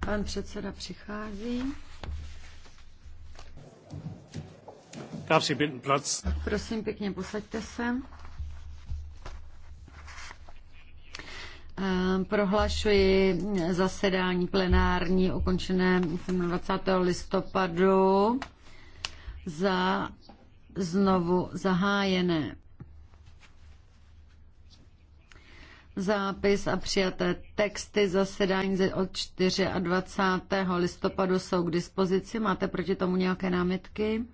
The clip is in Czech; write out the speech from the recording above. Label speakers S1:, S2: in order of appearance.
S1: Pan
S2: předseda přichází.
S3: Darf si bitten
S1: Prosím pěkně, posaďte
S4: se. Eh, prohlašuji zasedání plenární ukončené 20. listopadu za znovu zahájené. Zápis a přijaté texty zasedání od 24. listopadu jsou k dispozici. Máte proti tomu nějaké námitky?